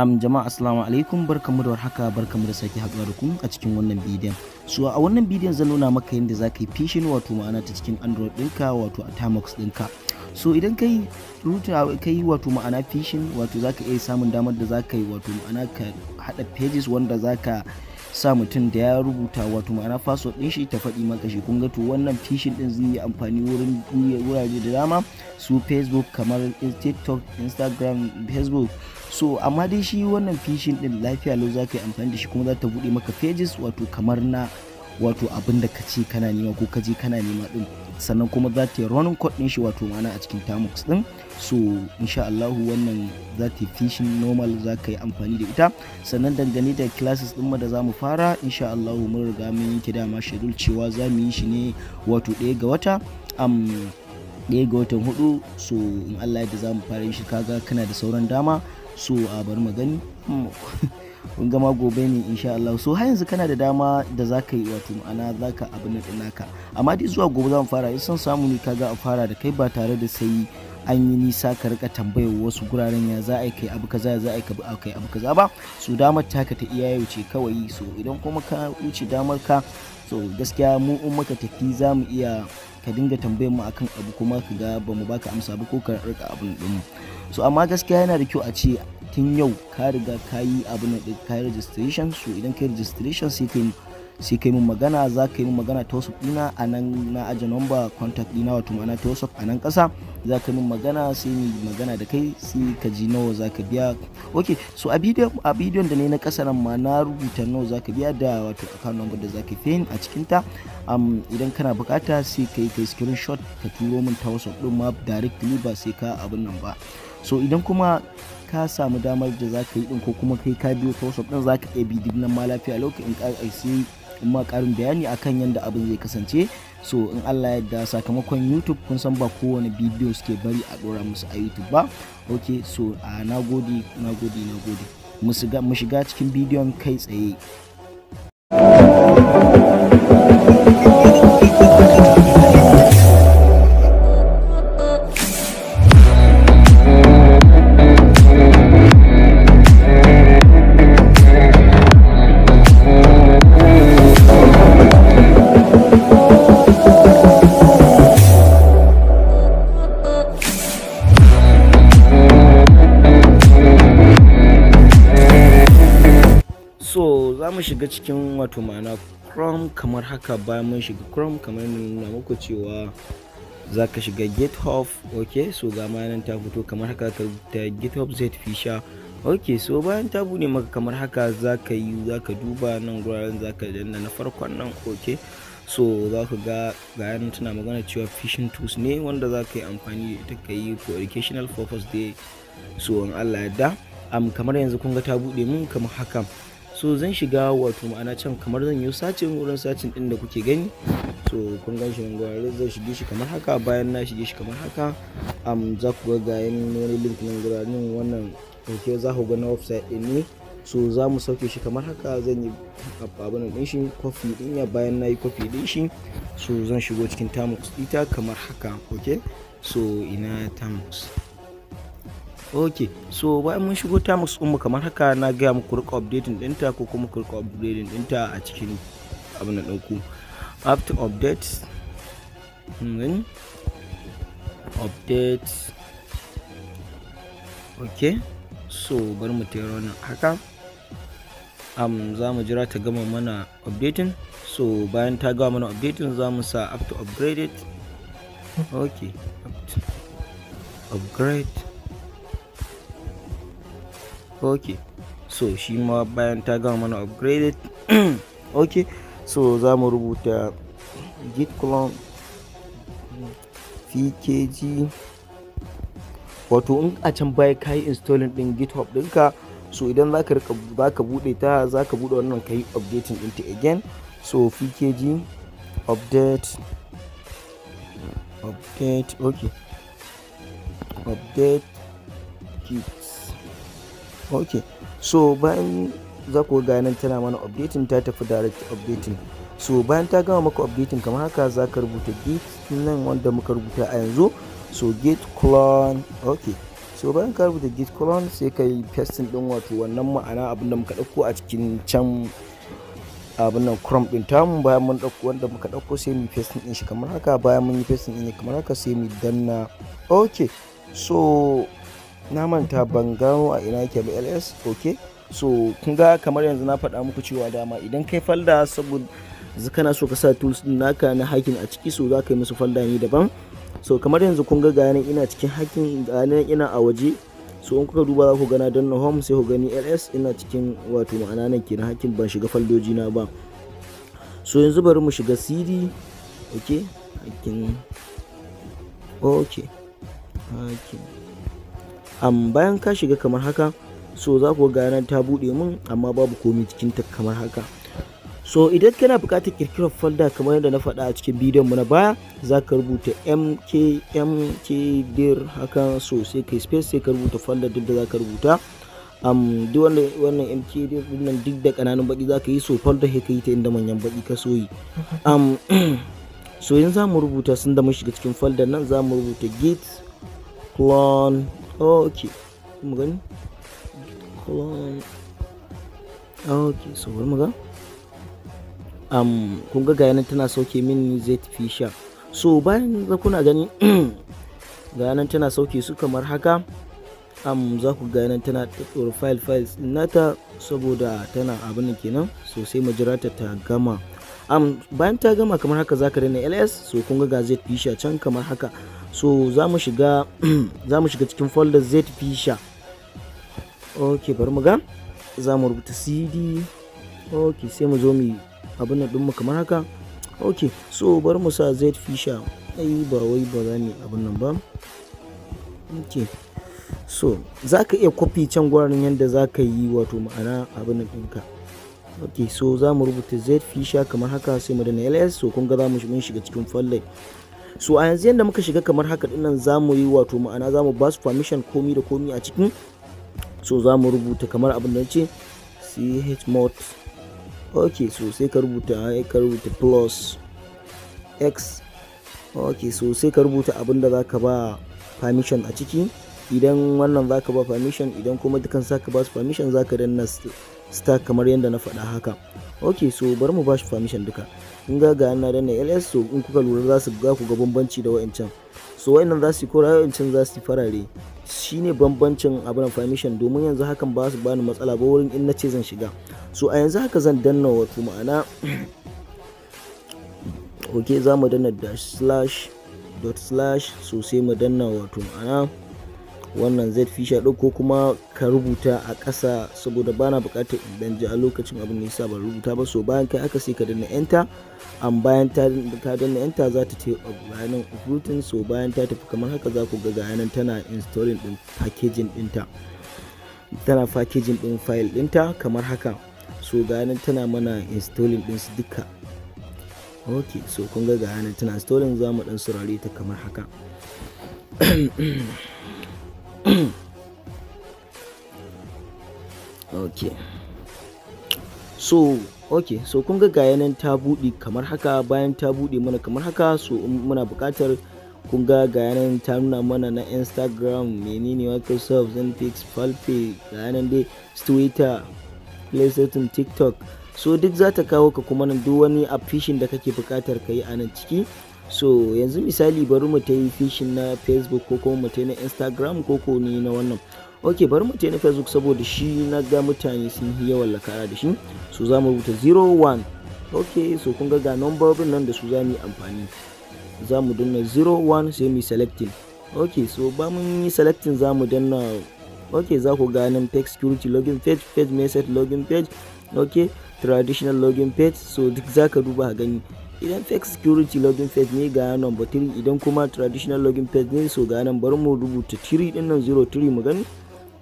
Amin jama'a assalamu alaikum barkamu da warhaka barkamu da sake haɗuwa da ku a cikin wannan bidiyon so a wannan bidiyon zan nuna maka yadda za ka yi fishin wato ma'ana ta cikin android ɗinka wato a tamox ɗinka so idan ka yi ka wato ma'ana fishin wato zaka iya samun damar da zaka yi wato ma'ana ka haɗa pages wanda zaka. sa mutum da ya rubuta wato ma'ana faso din shi ta faɗi maka shi kun ga to wannan fishin din zai yi amfani wurin wurare da dama su facebook kamar tiktok instagram facebook so amma dai shi wannan fishin din lafiya lau za ka yi amfani da shi kuma za ta buɗe maka pages wato kamar na wato abin da ka ce kana nema ko ka je kana nema din sannan kuma za ta yi running code din shi wato ma'ana a cikin tamux din so insha Allahu wannan za ta fishin normal za ka yi amfani da ita sannan dangane da classes ɗin da za mu fara insha Allahu mun riga mun yanke dama schedule cewa za mu yi shi ne wato ɗaya ga wata am ɗaya ga watan hudu so in Allah da za mu fara yin shi kaga kana da sauran dama so a bari mu gani hmm. kun gama gobe ne insha Allah so har yanzu kana da dama da za ka yi wato ma'ana za ka abin da naka amma dai zuwa gobe za mu fara yi san samu ne kaga a fara da kai ba tare da sai an yi nisa ka rika tambayar wasu guraren ya za a kai abu kaza za a kai abu kaza ba su damar taka ta iya ce kawai so idan kuma ka wuce damar ka so gaskiya mu in muka tafi za mu iya ka dinga tambayar mu akan abu kuma ka ga ba mu baka amsa ba ko ka rika abin din so amma gaskiya yana da kyau a ce tun yau ka riga ka yi abin da ka yi registration so idan ka yi registration sai ka yi sai kai mun magana za ka yi mun magana ta wasu ɗina a nan na aji nomba contact ɗina wato ma'ana ta wasu a nan ƙasa za ka yi mun magana sai mu magana da kai sai ka ji nawa za ka biya ok so a bidiyon a bidiyon da ne na ƙasa nan ma na rubuta nawa za ka biya da wato account number da za ka fi a cikin ta um, idan kana bukata sai ka yi ka screenshot ka turo min ta wasu ɗin ma directly ba sai ka abin nan ba so idan kuma ka samu damar da za ka yi din ko kuma kai ka biyo ta wasu ɗin za ka iya bidin nan ma lafiya lokacin ka sai in ma karin bayani akan yadda abin zai kasance so in allah yadda sakamakon youtube kun san ba kowane bidiyo suke bari a dora musu a youtube ba ok so a nagode nagode nagode mu shiga cikin bidiyon kai tsaye shiga cikin wato ma'ana chrome kamar haka bayan mun shiga chrome kamar nuna muku cewa za ka shiga github ok so ga nan ta fito kamar haka ka ta github z sha ok so bayan ta bude maka kamar haka za ka yi za ka duba nan guraren za ka danna na farkon nan ok so za ka ga gayan tana magana cewa fishing tools ne wanda za ka yi amfani da ita ka yi for educational purpose dai so in allah yadda am kamar yanzu kun ta bude mun kamar haka so zan shiga wato ma'ana can kamar zan yi sacin wurin sacin din da kuke gani so kun gan shi gwari zan shige shi kamar haka bayan na shige shi kamar haka am za ku ga gayan wani link nan wannan ɗauke za ku ga na website din ne so za mu sauke shi kamar haka zan yi abin din shi kofi din ya bayan na yi kofi din shi so zan shigo cikin tamux ita kamar haka okay so ina tamux ok so bayan mun shigo musu mu kamar haka na gaya muku rika updating dinta ko kuma ku rika upgrading dinta a cikin abin da ɗauku after update then update ok so bari mu tayar wannan haka um, za mu jira ta gama mana updating so bayan ta gama mana updating za mu sa after upgraded ok after upgrade okay so shi ma bayan ta gama mana upgraded okay so za mu rubuta git clone pkg wato in a can baya ka yi installing din github ɗinka so idan za ka rika buɗe ta za ka buɗe wannan ka yi updating ɗinta again so pkg update update okay update keep ok so bayan za ku ga nan tana mana updating ta tafi direct updating so bayan ta gama maka updating kamar haka za ka rubuta git nan wanda muka rubuta a yanzu so git clone ok so bayan ka rubuta git clone sai ka yi pasting din wato wannan ma'ana abin da muka ɗauko a cikin can abin nan chrome din tamu bayan mun ɗauko wanda muka ɗauko sai mu pasting din shi kamar haka bayan mun yi pasting din kamar haka sai mu danna ok so na manta ban gano a ina yake ba ls ok so kun ga kamar yanzu na faɗa muku cewa dama idan kai falda saboda kana so ka sa tools din naka na hakin a ciki so za ka yi musu falda ne daban so kamar yanzu kun ga gani ina cikin hakin gani ina a waje so in kuka duba za ku gana don na home sai ku gani ls ina cikin wato ma'ana nan kenan hakin ban shiga faldoji na ba so yanzu bari mu shiga cd ok hakin ok hakin um, bayan ka shiga kamar haka so za ku ga ta buɗe mun amma babu komai cikin kamar haka so idan kana buƙatar kirkirar folder kamar yadda na faɗa a cikin bidiyon mu na baya za ka rubuta dir haka so sai ka space sai ka rubuta folder duk da za ka rubuta um, duk wannan wannan mkdir nan duk da ƙananan baƙi za ka yi so folder sai ka yi ta inda manyan baƙi ka so yi so yanzu za mu rubuta sun da mun shiga cikin folder nan za mu rubuta git clone ok mu gani ok so bari mu um, kun ga gayanan tana sauke min zai tafi sha so bayan za kuna gani gayanan tana sauke su kamar haka um, za ku gayanan tana tsoro file files nata saboda tana abin kenan so sai mu ta gama um, bayan ta gama kamar haka za ka daina ls so kun ga ga zai tafi sha can kamar haka so za mu shiga za mu shiga cikin folder zfisha ok bari mu ga za mu rubuta cd ok sai mu zo mu abin nan mu kamar haka ok so bari mu sa zfisha ai ba wai ba za ni abin nan ba ok so za ka iya kwafi can gwarin yadda za ka yi wato ma'ana abin nan ɗinka ok so za mu rubuta zfisha kamar haka sai mu da ls so kun ga za mu shiga cikin folder so a yanzu yadda muka shiga kamar haka dinnan za mu yi wato ma'ana za mu ba su permission komi da komi a cikin so za mu rubuta kamar abin da ce chmod ok so sai ka rubuta eh, ka rubuta plus x ok so sai ka rubuta abin da za ka ba permission a ciki idan wannan za ka ba permission idan kuma dukan za ka ba su permission za ka danna star kamar yadda na faɗa haka ok so bari mu ba shi permission duka in ga ga na ls in kuka lura za su ga ku ga bambanci da wa'ancan so wa'annan za su yi kora wa'ancan za su yi farare shine bambancin abin permission domin yanzu hakan ba su bani matsala ba wurin in na ce zan shiga so a yanzu haka zan danna wato ma'ana ok za mu danna dash slash dot slash so sai mu danna wato ma'ana wannan zai fi sha ko kuma ka rubuta a ƙasa saboda bana buƙatar idan ji a lokacin abin da yasa ban rubuta ba so bayan kai aka sai ka danna enter an bayan ta danna enter za ta ce bayanan uprooting so bayan ta tafi kamar haka za ku ga gayanan tana installing din packaging ɗinta tana packaging ɗin file ɗinta kamar haka so gayanan tana mana installing ɗinsu duka ok so kun ga gayanan tana installing za mu ɗan saurare ta kamar haka okay so okay so kun ga nan ta buɗe kamar haka bayan ta buɗe mana kamar haka so muna buƙatar kun ga nan ta nuna mana na instagram menene microsoft zenfix palpe gaya nan dai twitter playstation tiktok so duk za ta kawo ka kuma nan duk wani application da kake buƙatar ka yi a nan ciki so yanzu misali bari mu ta yi fishin na facebook ko kuma mu ta na instagram ko ko ni na wannan ok bari mu ta yi na facebook saboda shi na ga mutane sun yi yawan lakara da shi so za mu rubuta 01 ok so kun ga ga nambobin nan da su za mu yi amfani za mu danna 01 sai mu selecting ok so ba mun yi selecting za mu danna ok za ku ga nan page security login page page message login page ok traditional login page so duk za ka duba a gani idan fake security login page ne ga number 3 idan kuma traditional login page ne so ga nan bari mu rubuta 3 din nan 03 mu gani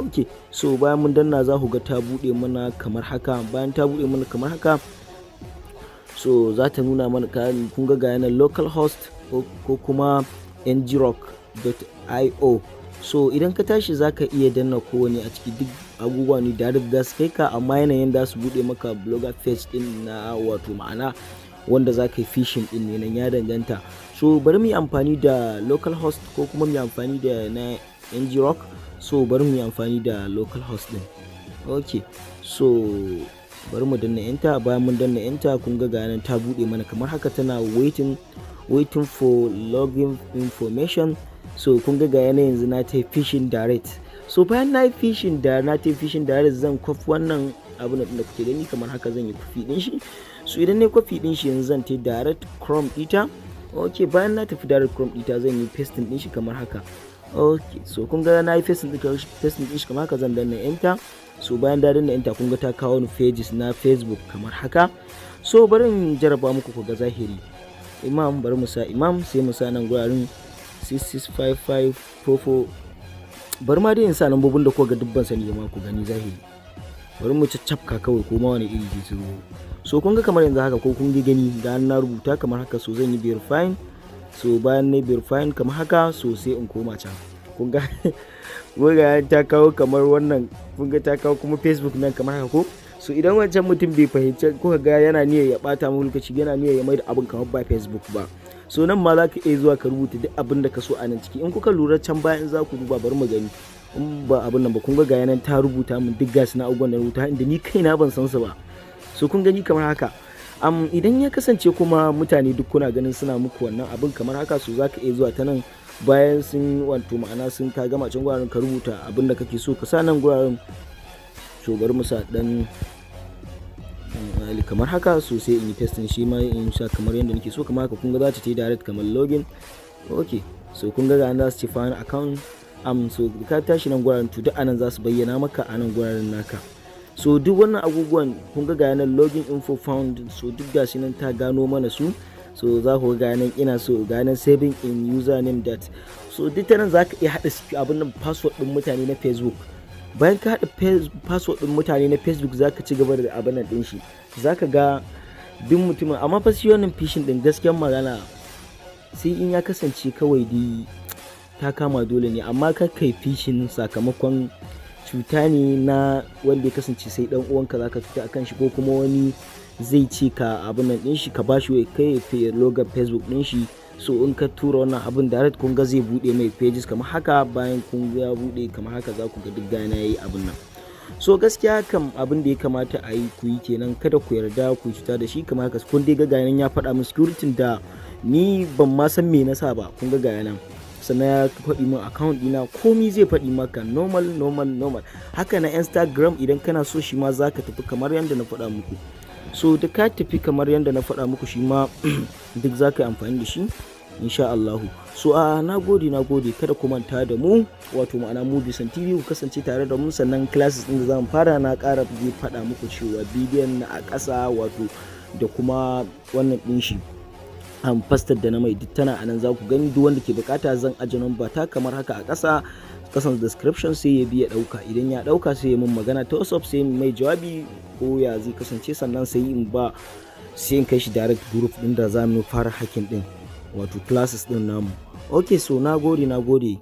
ok so bayan mun danna za ku ga ta bude mana kamar haka bayan ta bude mana kamar haka so za ta nuna mana kun ga ga nan localhost ko kuma ngrock.io so idan ka tashi za ka iya danna kowane a ciki duk abubuwa ne da za su kai ka amma yanayin da su bude maka blogger page din na wato ma'ana wanda za ka yi fishing din ne nan ya danganta so bari mu yi amfani da local host ko kuma mu yi amfani da na ng rock so bari mu yi amfani da local host din ok so bari mu danna enter bayan mun danna enter kun ga nan ta bude mana kamar haka tana waiting waiting for login information so kun ga ga yana yanzu na ta yi fishing direct so bayan na yi fishing da na ta yi fishing direct zan kwaf wannan abin da kuke gani kamar haka zan yi kufi din shi su idan ne kwafi din shi yanzu zan ta direct chrome dita ok bayan na tafi direct chrome dita zan yi pasting din shi kamar haka ok so kun ga na yi pasting din shi kamar haka zan danna enter so bayan da danna enter kun ga ta kawo ni pages na facebook kamar haka so bari in jaraba muku ku ga zahiri imam bari mu sa imam sai mu sa nan gurarin 6655 fofo bari ma dai in sa lambobin da kuka ga dubban sani ma ku gani zahiri bari mu caccafka kawai ko ma wani iri ke zo so kun ga kamar yanzu haka ko kun ga gani ga na rubuta kamar haka so zan yi verifying so bayan na verifying kamar haka so sai in koma can kun ga wuraren ta kawo kamar wannan kun ga ta kawo kuma facebook nan kamar haka ko so idan wancan mutum bai fahimci kuka ga yana niyyar ya bata mu lokaci yana niyyar ya maida abin kamar ba facebook ba so nan ma za ka iya zuwa ka rubuta duk abin da ka so a nan ciki in kuka lura can bayan za ku duba bari mu gani ba abin nan ba kun ga ga yanan ta rubuta min duk gas na abubuwan da rubuta inda ni kaina ban san su ba so kun gani kamar haka am idan ya kasance kuma mutane duk kuna ganin suna muku wannan abin kamar haka su za ka iya zuwa ta nan bayan sun wato ma'ana sun ka gama can guraren ka rubuta abin da kake so ka sa nan guraren so bari mu sa dan kamar haka so sai in yi testing shi ma in sha kamar yadda nake so kamar haka kun ga za ta yi direct kamar login okay so kun ga ga za su ci fan account am so ka tashi nan gwaran to duk anan za su bayyana maka anan gwaran naka so duk wannan abubuwan kun ga ga nan login info found so duk gashi nan ta gano mana su so za ku ga nan ina so ga nan saving in username that so duk ta nan za ka iya haɗa abin nan password ɗin mutane na facebook bayan ka haɗa password ɗin mutane na facebook za ka ci gaba da abin nan ɗin shi za ka ga duk mutumin amma fa shi wannan phishing ɗin gaskiyan magana sai in ya kasance kawai dai ta kama dole ne amma ka kai fishin sakamakon cuta ne na wanda ya kasance sai dan ka zaka fita akan shi ko kuma wani zai ce ka abin nan din shi ka bashi wai kai logar facebook din shi so in ka tura wannan abun direct kun ga zai bude mai pages kamar haka bayan kun ga bude kamar haka za ku ga duk gana yayi abin nan so gaskiya kam abin da ya kamata a yi ku yi kenan kada ku yarda ku cuta da shi kamar haka kun dai ga ganin ya faɗa min security da ni ban ma san me na sa ba kun ga ganin sannan ya faɗi min account dina komi zai faɗi maka normal normal normal haka na instagram idan kana so shi ma za ka tafi kamar yadda na faɗa muku so da ka tafi kamar yadda na faɗa muku shi ma duk za ka yi amfani da shi insha Allahu so a na gode na gode kada ku manta da mu wato ma'ana mu bisan tv ku kasance tare da mu sannan classes din da zamu fara na kara zai faɗa muku cewa bidiyon na a ƙasa wato da kuma wannan ɗin shi an fastar da na mai duk tana anan za ku gani duk wanda ke bukata zan aje number ta kamar haka a ƙasa kasan description sai ya biya ɗauka idan ya ɗauka sai ya mun magana ta whatsapp sai mai jawabi ko ya zai kasance sannan sai in ba sai in kai shi direct group din da za mu fara hakin din wato classes din namu okay so na gode na gode